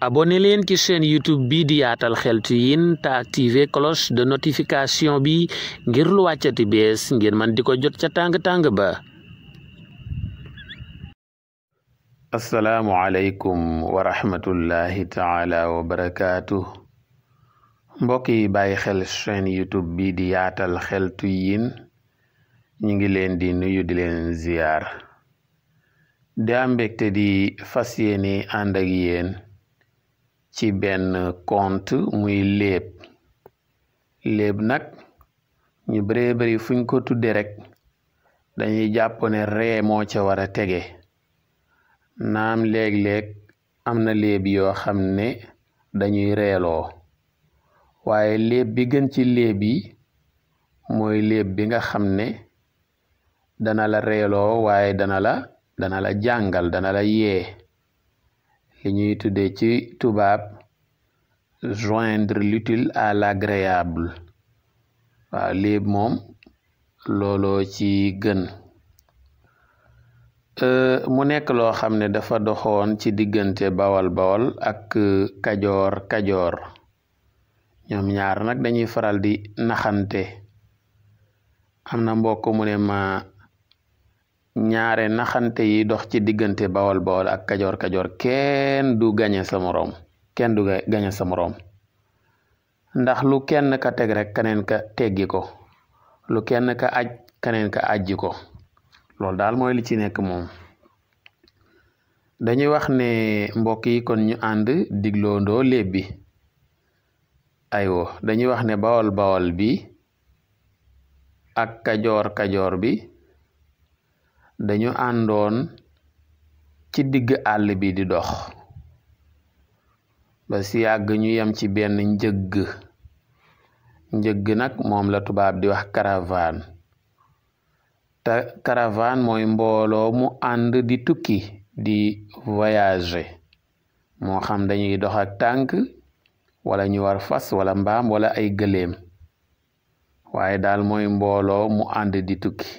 abonné leen ci chaîne youtube bi di yaatal xeltu yin te activer cloche de notification bi ngir lu wàccati bees ngir man di ko jot ca tàng-tàng ba asalaamu aleykum wa rahmatullahi taala wa barakaatu mbokk yi bàyyi xel chaîne youtube bi di yaatal xeltu yin ñu ngi leen di nuyu di leen ziyaar di am di fas yéene ànd ak yéen ci benn compte muy léeb léeb nag ñu bëree bëri fuñ ko tudde rek dañuy jàpp ne ree moo ca war a tege naam léeg-léeg am na léeb yoo xam ne dañuy reeloo waaye léeb bi gën ci léeb yi mooy léeb bi nga xam ne dana la reeloo waaye dana la dana la jàngal dana la yee li ñuy tuddee ci tubaab joindre lutil à l'agréable waaw léeb moom looloo ci gën euh, mu nekk loo xam ne dafa doxoon ci diggante bawal bawal ak kajoor kajoor ñoom ñaar nag dañuy faral di naxante am na mbokk mu ne ma ñaare naxante yi dox ci diggante bawol bawol ak kajoor kajoor kenn du gañe sa moroom du gañe sa ndax lu kenn ka teg rek keneen ka teggi ko lu kenn ka aj keneen ka ajji ko loolu daal mooy li ci nekk moom dañuy wax ne mbokk yi kon ñu ànd digloondoo léeb bi aywo dañuy wax ne bawol bawol bi ak kajoor kajoor bi dañu àndoon ci digg àll bi di dox ba si yàgg ñu yem ci benn njëgg njëgg nag moom la tubaab di wax caravane te caravane mooy mbooloo mu ànd di tukki di voyager moo xam dañuy dox tànk wala ñu war fas wala mbaam wala ay gëléem waaye dal mooy mbooloo mu ànd di tukki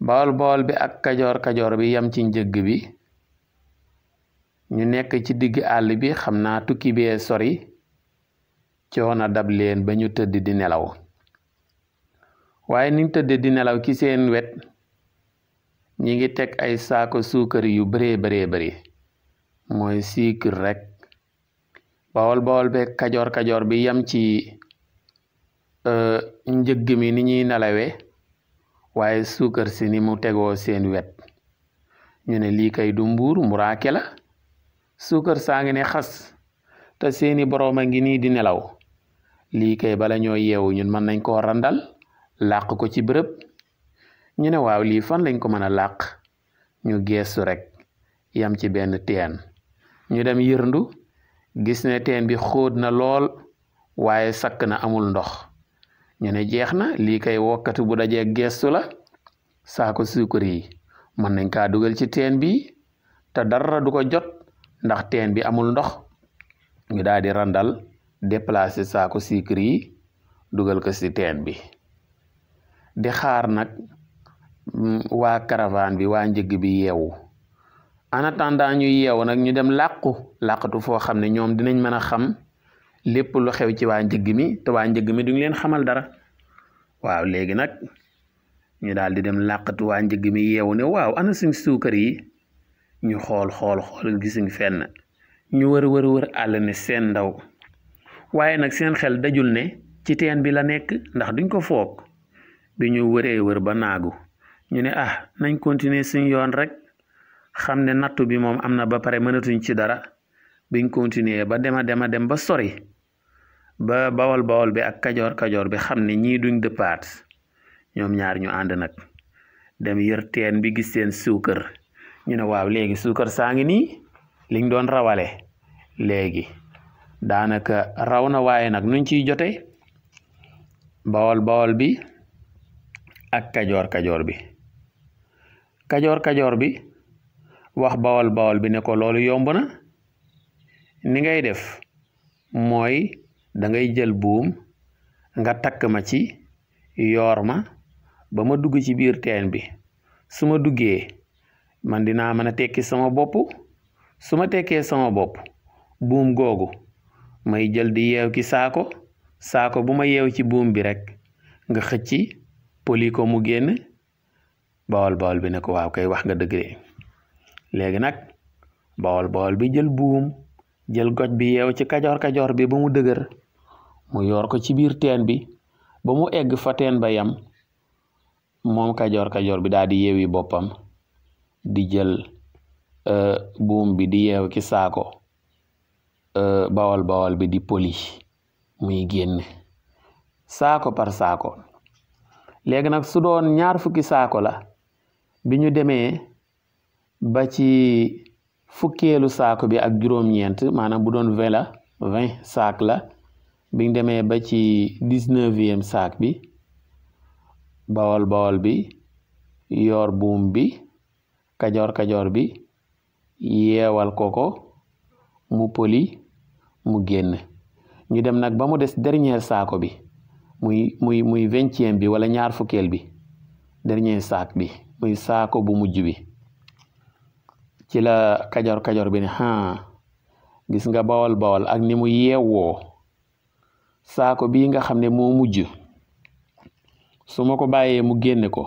bool bool bi ak kajoor kajoor bi yam ci njëgg bi ñu nekk ci digg àll bi xam naa tukki bee sori coono dab leen ba ñu tëdd di nelaw waaye niñ tëdd di nelaw ki seen wet ñi ngi teg ay saako suukar yu bëree bëree bëri mooy sucre rekk bawol bawol be kajoor kajoor bi yam ci euh, njëgg mi ni ñuy nelawee waaye suukar si ni mu tegoo seen wet ñu ne lii kay du mbuur mburaake la suukar saa ngi ne xas te seeni boroom a ngi nii di nelaw lii kay bala ñoo yeewu ñun mën nañ koo randal làq ko ci bërëb ñu ne waaw lii fan lañ ko mën a làq ñu geestu rekk yam ci benn teen ñu dem yërndu gis ne teen bi xóot na lool waaye sakk na amul ndox ñu ne jeex na lii kay wokkatu bu dajee gestu la saako suukar yi mën nañ kaa dugal ci teen bi te dara du ko jot ndax teen bi amul ndox ñu daal di randal déplacer saako suukar yi dugal ko ci teen bi di xaar nag mm, waa caravane bi waa njëg bi yeewu en attendant ñu yeewu nag ñu dem làqu làqatu foo xam ne ñoom dinañ mën a xam lépp lu xew ci waa njëgg mi te waa njëgg mi du duñ leen xamal dara waaw léegi nag ñu daal di dem làqatu waa njëgg mi yeewu ne waaw ana suñ suukar yi ñu xool xool xool gisuñ fenn ñu wër wër wër àll ne seen ndaw waaye nag seen xel dajul ne ci teen bi la nekk ndax duñ ko foog bi ñu wëree wër ba naagu ñu ne ah nañ continuer suñ yoon rek xam ne nattu bi moom am na ba pare mënatuñ ci dara biñ continuer ba dema dema dem ba sori ba bawol bawol bi ak kajoor kajoor bi xam ne ñii duñ dëppaat ñoom ñaar ñu ànd nag dem yër teen bi gis seen suukar ñu ne waaw léegi suukar saa ngi nii liñ doon rawale léegi daanaka raw na waaye nag nuñ ciy jote bawol bawol bi ak kajoor kajoor bi kajoor kajoor bi wax bawol bawol bi ne ko loolu yomb na ni ngay def mooy dangay jël buum nga takk ma ci yoor ma ba ma dugg ci biir teen bi su ma duggee man dinaa mën a tekki sama bopp su ma tekkee sama bopp buum googu may jël di yeew ci saako saako bu ma yeew ci buum bi rekk nga xëcc poli ko mu génn bawol bawol bi ne ko waaw kay wax nga dëgg léegi nag bawol bawol bi jël buum jël goj bi yeew ci kajoor kajoor bi ba mu dëgër mu yoor ko ci biir teen bi ba mu egg fa teen ba yam moom kajoor kajoor bi daal di yeewi boppam di jël euh, buum bi di yeew ki saako euh, bawal bawal bi di poli muy génn saako par saako léegi nag sudoon doon fukki saako la bi ñu demee ba ci fukkeelu saako bi ak juróom-ñeent maanaam bu doon vingt la vingt saak la biñ demee ba ci dix-neuvième saak bi bawol bawol bi yoor buum bi kajoor kajoor bi yeewal ko ko mu poli mu génn ñu dem nag ba mu des dernier saako bi muy muy muy vingtième bi wala ñaar fukkeel bi dernier saak bi muy saako bu mujj bi ci la kajoor kajoor bi ne ah gis nga bawol bawol ak ni mu yeewoo saako bii nga xam ne moo mujj su ma ko bàyyee mu génne ko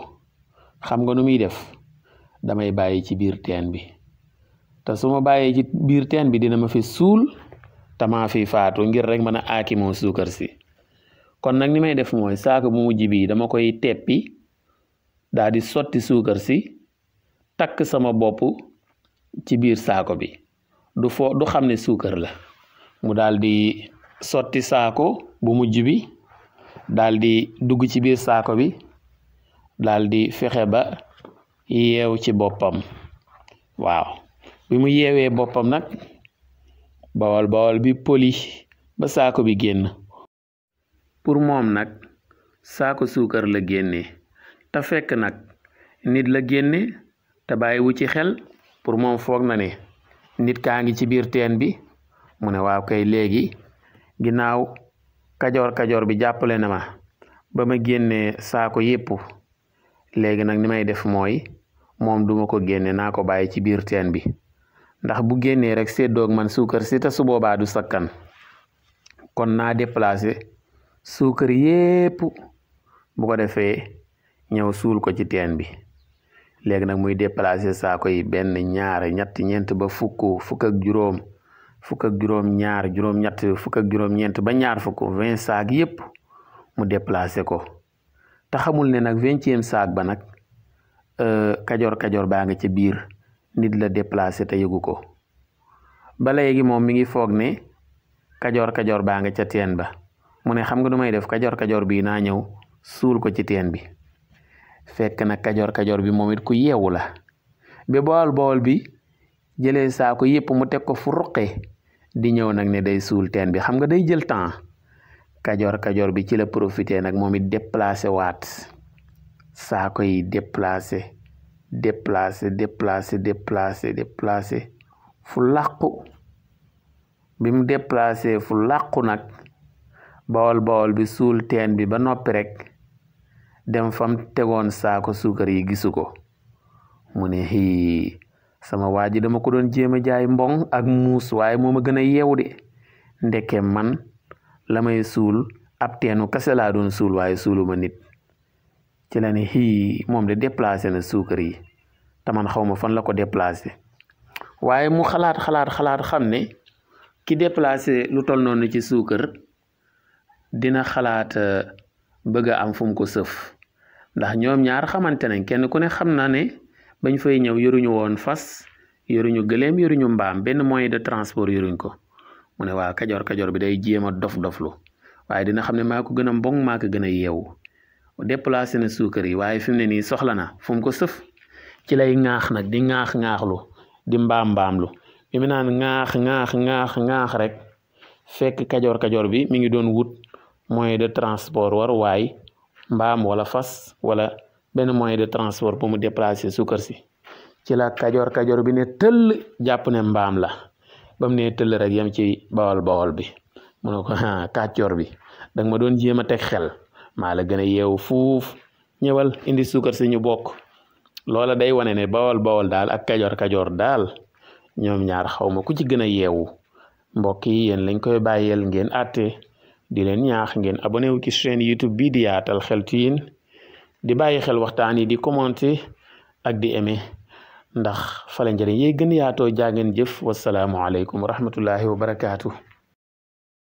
xam nga nu muy def damay bàyyi ci biir teen bi te su ma bàyyee ci biir teen bi dina ma fi suul te maa fi faatu ngir rek mën a aaki moo suukar si kon nag ni may def mooy saako bu mujj bii dama koy teppi daal sotti suukar si takk sama bopp ci biir saako bi du fo du xam ne suukar la mu daal di sotti saako bu mujj bi daldi dugg ci biir saako bi daldi fexe ba yeew ci boppam waaw bi mu yeewee boppam nag bawal bawal bi poli ba saako bi génn pour moom nag saako suukar la génne te fekk nag nit la génne te bàyyiwu ci xel pour moom foog na ne nit kaa ngi ci biir teen bi mu ne waaw kay léegi ginnaaw kajoor kajoor bi jàppale na ma ba ma génnee saako yépp léegi nag ni may def mooy moom duma ko génne naa ko bàyyi ci biir teen bi ndax bu génnee rek séddoog man suukar si te su boobaa du sakkan kon naa déplacé suukar yépp bu ko defee ñëw suul ko ci teen bi léegi nag muy déplacé saako yi benn ñaar ñett ñeent ba fukk fukk ak juróom fukk ak juróom-ñaar juróom-ñett fukk ak juróom ba ñaar fukk vingt saag yépp mu déplacé ko te xamul ne nag vingtième saag ba nag euh, kajoor kajoor baa nga ca biir nit la déplacé te yëgu ko ba léegi moom mi ngi foog ne kajoor kajoor baa nga ca teen ba mu ne xam nga du may def kajoor kajoor bi naa ñëw suul ko ci teen bi fekk na kajoor kajoor bi moom it ku yeewu la ba bool bi jëlee saako yépp mu teg ko fu ruqe di ñëw nag ne day suul teen bi xam nga day jël temps kajoor kajoor bi ci la profité nag moom it déplacé waat saako yi déplacé déplacé déplacé déplacé déplacé fu làqu bi mu déplacé fu làqu nag bawol bawol bi suul teen bi ba noppi rek dem fam tegoon saako suukar yi gisu ko mu ne xii sama waa ji dama ko doon jéem a jaay mboŋ ak muus waaye moo ma gën a yeewu de ndeke man la may suul ab teenu kase laa doon suul waaye suuluma nit ci la xii moom de déplacé na suukar yi te man xaw ma fan la ko déplacé waaye mu xalaat xalaat xam ne ki déplacé lu tol noonu ci suukar dina xalaat euh, bëgg am fu mu ko sëf ndax ñoom ñaar xamante nañ kenn ku ne xam na bañ fay ñëw yoruñu woon fas yoruñu gëléem yoruñu mbaam benn moyen de transport yoruñ ko mu ne waa kajoor kajoor bi day jéem a dof doflu waaye dina xam ne maa ko gën a mboŋ maa ko gën a yeewu déplacé na suukar yi waaye fi mu ne nii soxla na fu mu ko sëf ci lay ŋaax nag di ŋaax ŋaaxlu di mbaam mbaamlu bi mu naan ŋaax ŋaax ŋaax ŋaax rek fekk kajoor kajoor bi mi ngi doon wut moyen de transport war waay mbaam wala fas wala benn moyen de transport pour mu déplacer suukar si ci la kajoor kajoor bi ne tëll jàpp ne mbaam la ba mu ne tëll rek yam ci bawol bawol bi mu ne ko ah, kàccoor bi da ma doon jéem a teg xel maa la gën a yeewu fuuf ñëwal indi suukar si ñu bokk loola day wane ne bawol bawol daal ak kajoor kajoor daal ñoom ñaar xaw ma ku ci gën a yeewu mbokk yi yéen lañ koy bàyyeel ngeen àtte di leen ñaax ngeen abonné wu ci chaîne YouTube bii di yaatal xeltu yin di bàyyi xel waxtaan yi di commenter ak di aimer ndax fala njëriñ yey gën yaatoo jaa ngeen jëf wasalaamualeykum wa rahmatullahi wa barakaatu.